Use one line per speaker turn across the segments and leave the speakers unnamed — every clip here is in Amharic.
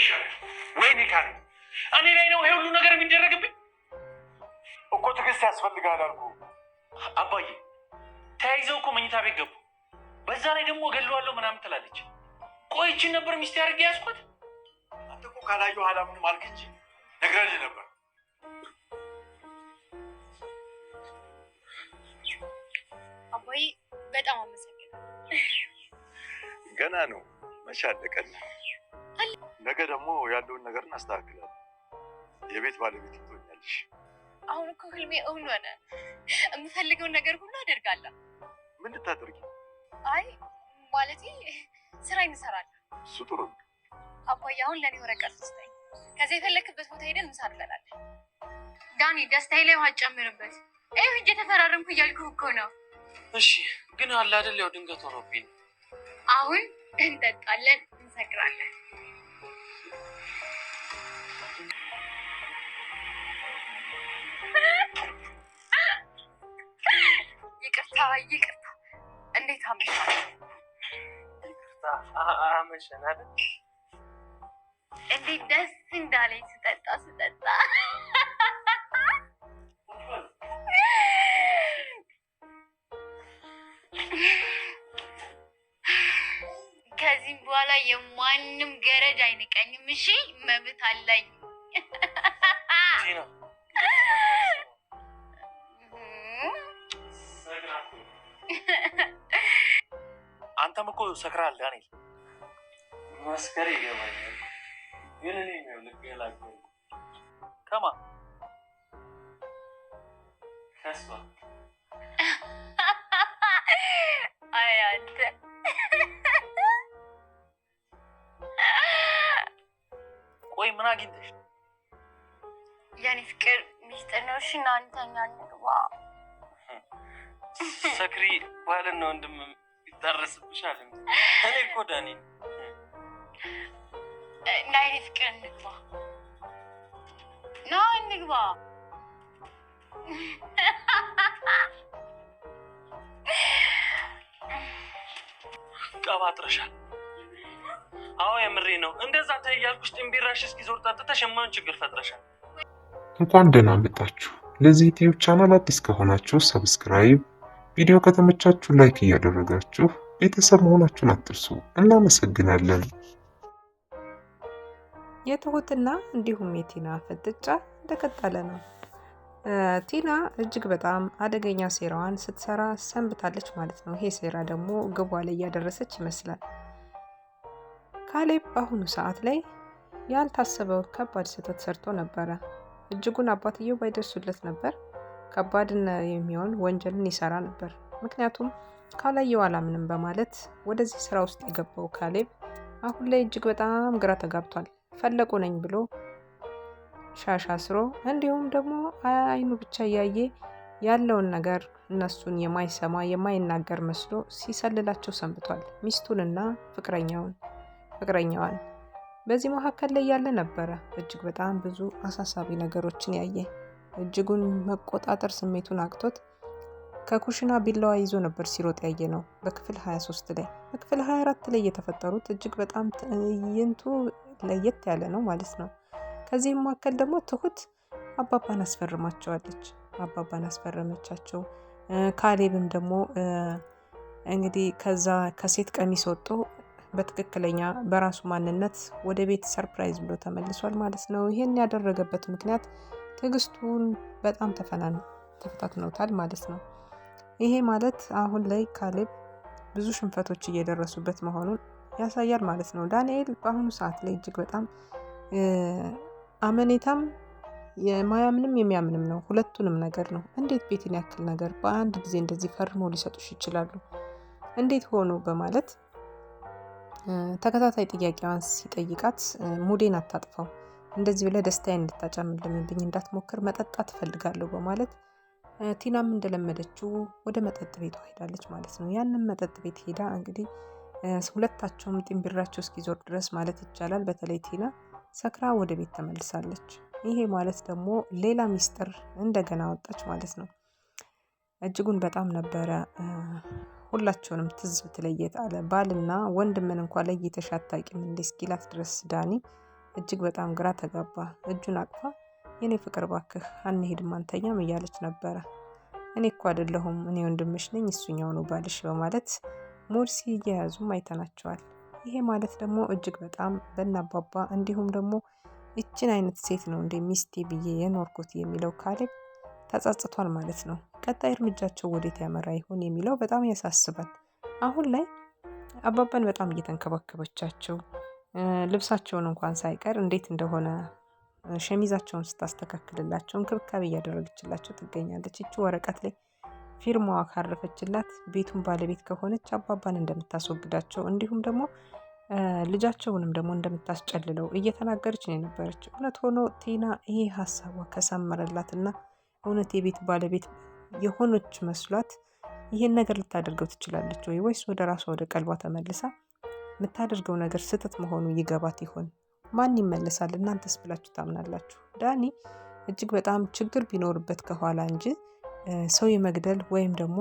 ይሻላል። ወይኔ ካለ
እኔ ላይ ነው ይሄ ሁሉ ነገር የሚደረግብኝ
እኮ። ትዕግስት ያስፈልጋል አልኩ
አባዬ። ተያይዘው እኮ መኝታ ቤት ገቡ። በዛ ላይ ደግሞ እገለዋለሁ ምናምን ትላለች። ቆይችን ነበር ሚስቴ አድርጌ ያዝኳት።
አንተ እኮ ካላየሁ ኋላ ምንም አልክ እንጂ ነግረን ነበር።
አባዬ በጣም አመሰግናለሁ።
ገና ነው መቼ አለቀልህ። ነገ ደግሞ ያለውን ነገር እናስተካክላለን። የቤት ባለቤት
ትሆኛለሽ። አሁን እኮ ህልሜ እውን ሆነ። የምፈልገውን ነገር ሁሉ አደርጋለሁ። ምን ልታደርጊ? አይ ማለት ስራ
እንሰራለን። እሱ ጥሩ።
አባዬ አሁን ለእኔ ወረቀት ስጠኝ። ከዚ የፈለክበት ቦታ ሄደን ምሳ እንበላለን። ዳኒ ደስታዬ ላይ ውሃ ጨምርበት። ይህ ህጅ የተፈራረምኩ እያልኩህ እኮ
ነው። እሺ ግን አለ አይደል ያው ድንገት ሆኖብኝ።
አሁን እንጠጣለን፣ እንሰክራለን ተዋይ ይቅርታ። እንዴት አመሽ?
ይቅርታ አመሸን አይደል?
እንዴት ደስ እንዳለኝ ስጠጣ ስጠጣ ከዚህም በኋላ የማንም ገረድ አይንቀኝም። እሺ መብት አለኝ።
አንተም እኮ ሰክራል ዳንኤል።
መስከር ይገባኛል፣ ግን እኔ ነው ልገላገል።
ከማ ከሷ አይ አንተ ቆይ ምን አግኝተሽ?
የኔ ፍቅር ሚስጥር ነው። እሺ ና እንተኛ፣
ሰክሪ ባልና ወንድም ደረስብሻል። እኔ እኮ ዳኒ
እና ይሄ ፍቅር እንግባ ና እንግባ።
ቀባጥረሻል። አዎ የምሬ ነው። እንደዛ ተይ እያልኩሽ ጥንቢራሽ እስኪዞር ጠጥተሽ የማይሆን ችግር ፈጥረሻል።
እንኳን ደህና መጣችሁ። ለዚህ ዩቲዩብ ቻናል አዲስ ከሆናችሁ ሰብስክራይብ ቪዲዮ ከተመቻችሁ ላይክ እያደረጋችሁ ቤተሰብ መሆናችሁን አትርሱ። እናመሰግናለን።
የትሁትና እንዲሁም የቲና ፍጥጫ እንደቀጠለ ነው። ቲና እጅግ በጣም አደገኛ ሴራዋን ስትሰራ ሰንብታለች ማለት ነው። ይሄ ሴራ ደግሞ ግቧ ላይ እያደረሰች ይመስላል። ካሌብ በአሁኑ ሰዓት ላይ ያልታሰበው ከባድ ስህተት ሰርቶ ነበረ። እጅጉን አባትየው ባይደርሱለት ነበር ከባድና የሚሆን ወንጀልን ይሰራ ነበር። ምክንያቱም ካላየው አላምንም በማለት ወደዚህ ስራ ውስጥ የገባው ካሌብ አሁን ላይ እጅግ በጣም ግራ ተጋብቷል። ፈለቁ ነኝ ብሎ ሻሽ አስሮ እንዲሁም ደግሞ አይኑ ብቻ እያየ ያለውን ነገር እነሱን የማይሰማ የማይናገር መስሎ ሲሰልላቸው ሰንብቷል። ሚስቱንና ፍቅረኛውን ፍቅረኛዋን በዚህ መካከል ላይ ያለ ነበረ እጅግ በጣም ብዙ አሳሳቢ ነገሮችን ያየ እጅጉን መቆጣጠር ስሜቱን አቅቶት ከኩሽና ቢላዋ ይዞ ነበር ሲሮጥ ያየ ነው በክፍል 23 ላይ። በክፍል 24 ላይ የተፈጠሩት እጅግ በጣም ትዕይንቱ ለየት ያለ ነው ማለት ነው። ከዚህም መካከል ደግሞ ትሁት አባባን አስፈርማቸዋለች። አባባን አስፈረመቻቸው። ካሌብም ደግሞ እንግዲህ ከዛ ከሴት ቀሚስ ወጥቶ በትክክለኛ በራሱ ማንነት ወደ ቤት ሰርፕራይዝ ብሎ ተመልሷል ማለት ነው። ይህን ያደረገበት ምክንያት ትዕግስቱን በጣም ተፈታትነውታል ማለት ነው። ይሄ ማለት አሁን ላይ ካሌብ ብዙ ሽንፈቶች እየደረሱበት መሆኑን ያሳያል ማለት ነው። ዳንኤል በአሁኑ ሰዓት ላይ እጅግ በጣም አመኔታም የማያምንም የሚያምንም ነው። ሁለቱንም ነገር ነው። እንዴት ቤትን ያክል ነገር በአንድ ጊዜ እንደዚህ ፈርሞ ሊሰጡሽ ይችላሉ? እንዴት ሆኖ በማለት ተከታታይ ጥያቄዋን ሲጠይቃት ሙዴን አታጥፋው እንደዚህ ብለህ ደስታዬን እንድታጨምልምብኝ እንዳትሞክር መጠጣት እፈልጋለሁ በማለት ቲናም እንደለመደችው ወደ መጠጥ ቤቷ ሄዳለች ማለት ነው። ያንን መጠጥ ቤት ሄዳ እንግዲህ ሁለታቸውም ጢምቢራቸው እስኪዞር ድረስ ማለት ይቻላል በተለይ ቲና ሰክራ ወደ ቤት ተመልሳለች። ይሄ ማለት ደግሞ ሌላ ሚስጥር እንደገና ወጣች ማለት ነው። እጅጉን በጣም ነበረ ሁላቸውንም ትዝብት ለየት አለ። ባልና ወንድምን እንኳ ለይተሽ አታውቂም እንዴ እስኪላት ድረስ ዳኒ እጅግ በጣም ግራ ተጋባ። እጁን አቅፋ የኔ ፍቅር ባክህ አንሄድም አንተኛም እያለች ነበረ። እኔ እኮ አይደለሁም እኔ ወንድምሽ ነኝ እሱኛው ነው ባልሽ በማለት ሞድ እየያዙም አይተናቸዋል። ይሄ ማለት ደግሞ እጅግ በጣም በናባባ እንዲሁም ደግሞ ይችን አይነት ሴት ነው እንደ ሚስቴ ብዬ የኖርኩት የሚለው ካሌብ ተጸጽቷል ማለት ነው። ቀጣይ እርምጃቸው ወዴት ያመራ ይሆን የሚለው በጣም ያሳስባል። አሁን ላይ አባባን በጣም እየተንከባከበቻቸው ልብሳቸውን እንኳን ሳይቀር እንዴት እንደሆነ ሸሚዛቸውን ስታስተካክልላቸው እንክብካቤ እያደረገችላቸው ትገኛለች። ይቺ ወረቀት ላይ ፊርማዋ ካረፈችላት ቤቱን ባለቤት ከሆነች አባባን እንደምታስወግዳቸው እንዲሁም ደግሞ ልጃቸውንም ደግሞ እንደምታስጨልለው እየተናገረች ነው የነበረችው። እውነት ሆኖ ቴና ይሄ ሀሳቧ ከሰመረላት እና እውነት የቤት ባለቤት የሆነች መስሏት ይህን ነገር ልታደርገው ትችላለች ወይ? ወይስ ወደ ራሷ ወደ ቀልቧ ተመልሳ የምታደርገው ነገር ስህተት መሆኑ ይገባት ይሆን? ማን ይመለሳል እናንተስ ብላችሁ ታምናላችሁ? ዳኒ እጅግ በጣም ችግር ቢኖርበት ከኋላ እንጂ ሰው የመግደል ወይም ደግሞ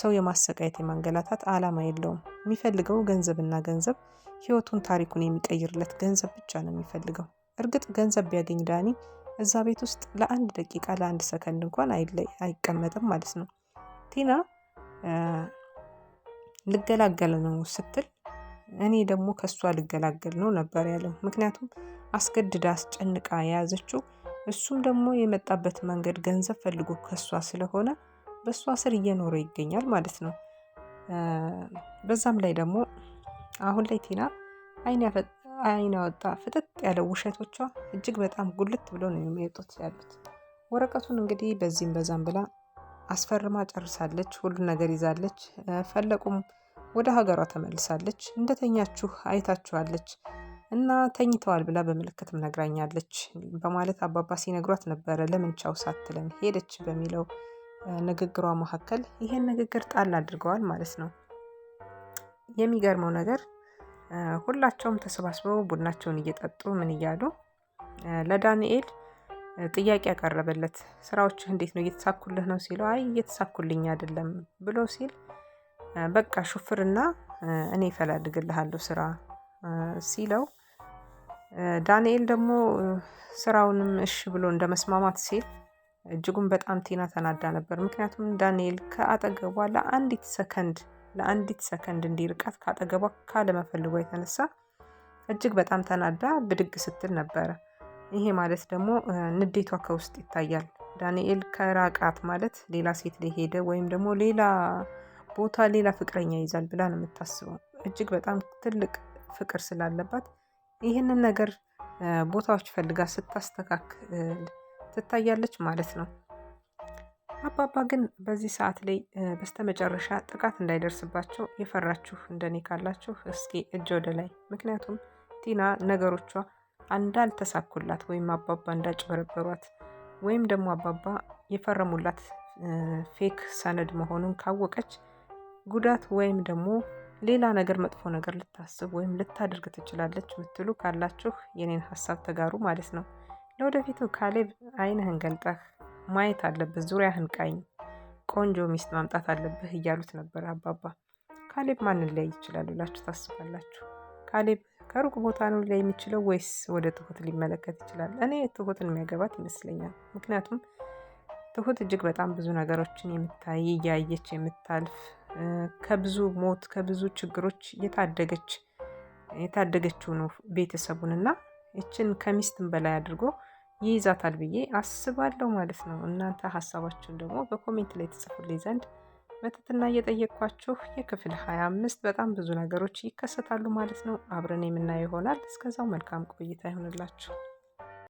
ሰው የማሰቃየት የማንገላታት አላማ የለውም። የሚፈልገው ገንዘብና ገንዘብ፣ ህይወቱን ታሪኩን የሚቀይርለት ገንዘብ ብቻ ነው የሚፈልገው። እርግጥ ገንዘብ ቢያገኝ ዳኒ እዛ ቤት ውስጥ ለአንድ ደቂቃ ለአንድ ሰከንድ እንኳን አይቀመጥም ማለት ነው። ቲና ልገላገል ነው ስትል እኔ ደግሞ ከእሱ አልገላገል ነው ነበር ያለው። ምክንያቱም አስገድዳ አስጨንቃ የያዘችው እሱም ደግሞ የመጣበት መንገድ ገንዘብ ፈልጎ ከእሷ ስለሆነ በእሷ ስር እየኖረ ይገኛል ማለት ነው። በዛም ላይ ደግሞ አሁን ላይ ቲና አይን ያወጣ ፍጥጥ ያለ ውሸቶቿ እጅግ በጣም ጉልት ብሎ ነው የሚወጡት ያሉት። ወረቀቱን እንግዲህ በዚህም በዛም ብላ አስፈርማ ጨርሳለች። ሁሉን ነገር ይዛለች። ፈለቁም ወደ ሀገሯ ተመልሳለች። እንደተኛችሁ አይታችኋለች እና ተኝተዋል ብላ በምልክትም ነግራኛለች በማለት አባባ ሲነግሯት ነበረ። ለምን ቻው ሳትለን ሄደች በሚለው ንግግሯ መካከል ይሄን ንግግር ጣል አድርገዋል ማለት ነው። የሚገርመው ነገር ሁላቸውም ተሰባስበው ቡናቸውን እየጠጡ ምን እያሉ ለዳንኤል ጥያቄ ያቀረበለት ስራዎችህ እንዴት ነው እየተሳኩልህ ነው ሲለው፣ አይ እየተሳኩልኝ አይደለም ብሎ ሲል በቃ ሹፍርና እኔ እፈላልግልሃለሁ ስራ ሲለው ዳንኤል ደግሞ ስራውንም እሽ ብሎ እንደመስማማት ሲል እጅጉን በጣም ቲና ተናዳ ነበር። ምክንያቱም ዳንኤል ከአጠገቧ ለአንዲት ሰከንድ ለአንዲት ሰከንድ እንዲርቃት ከአጠገቧ ካለመፈልጓ የተነሳ እጅግ በጣም ተናዳ ብድግ ስትል ነበረ። ይሄ ማለት ደግሞ ንዴቷ ከውስጥ ይታያል። ዳንኤል ከራቃት ማለት ሌላ ሴት ላይ ሄደ ወይም ደግሞ ሌላ ቦታ ሌላ ፍቅረኛ ይዛል ብላ ነው የምታስበው። እጅግ በጣም ትልቅ ፍቅር ስላለባት ይህንን ነገር ቦታዎች ፈልጋ ስታስተካክል ትታያለች ማለት ነው። አባባ ግን በዚህ ሰዓት ላይ በስተመጨረሻ ጥቃት እንዳይደርስባቸው የፈራችሁ እንደኔ ካላችሁ እስኪ እጅ ወደ ላይ። ምክንያቱም ቲና ነገሮቿ እንዳልተሳኩላት ወይም አባባ እንዳጭበረበሯት ወይም ደግሞ አባባ የፈረሙላት ፌክ ሰነድ መሆኑን ካወቀች ጉዳት ወይም ደግሞ ሌላ ነገር መጥፎ ነገር ልታስብ ወይም ልታደርግ ትችላለች ምትሉ ካላችሁ የኔን ሀሳብ ተጋሩ ማለት ነው። ለወደፊቱ ካሌብ አይንህን ገልጠህ ማየት አለብህ፣ ዙሪያህን ቃኝ፣ ቆንጆ ሚስት ማምጣት አለብህ እያሉት ነበር አባባ። ካሌብ ማንን ሊያይ ይችላል ብላችሁ ታስባላችሁ? ካሌብ ከሩቅ ቦታ ነው ሊያይ የሚችለው ወይስ ወደ ትሁት ሊመለከት ይችላል? እኔ ትሁትን የሚያገባት ይመስለኛል። ምክንያቱም ትሁት እጅግ በጣም ብዙ ነገሮችን የምታይ እያየች የምታልፍ ከብዙ ሞት ከብዙ ችግሮች የታደገች የታደገችው ነው ቤተሰቡን እና ይችን ከሚስትን በላይ አድርጎ ይይዛታል ብዬ አስባለሁ ማለት ነው። እናንተ ሀሳባችሁን ደግሞ በኮሜንት ላይ ተጽፉልኝ ዘንድ በትህትና እየጠየቅኳችሁ የክፍል 25 በጣም ብዙ ነገሮች ይከሰታሉ ማለት ነው። አብረን የምናየው ይሆናል። እስከዛው መልካም ቆይታ ይሆንላችሁ።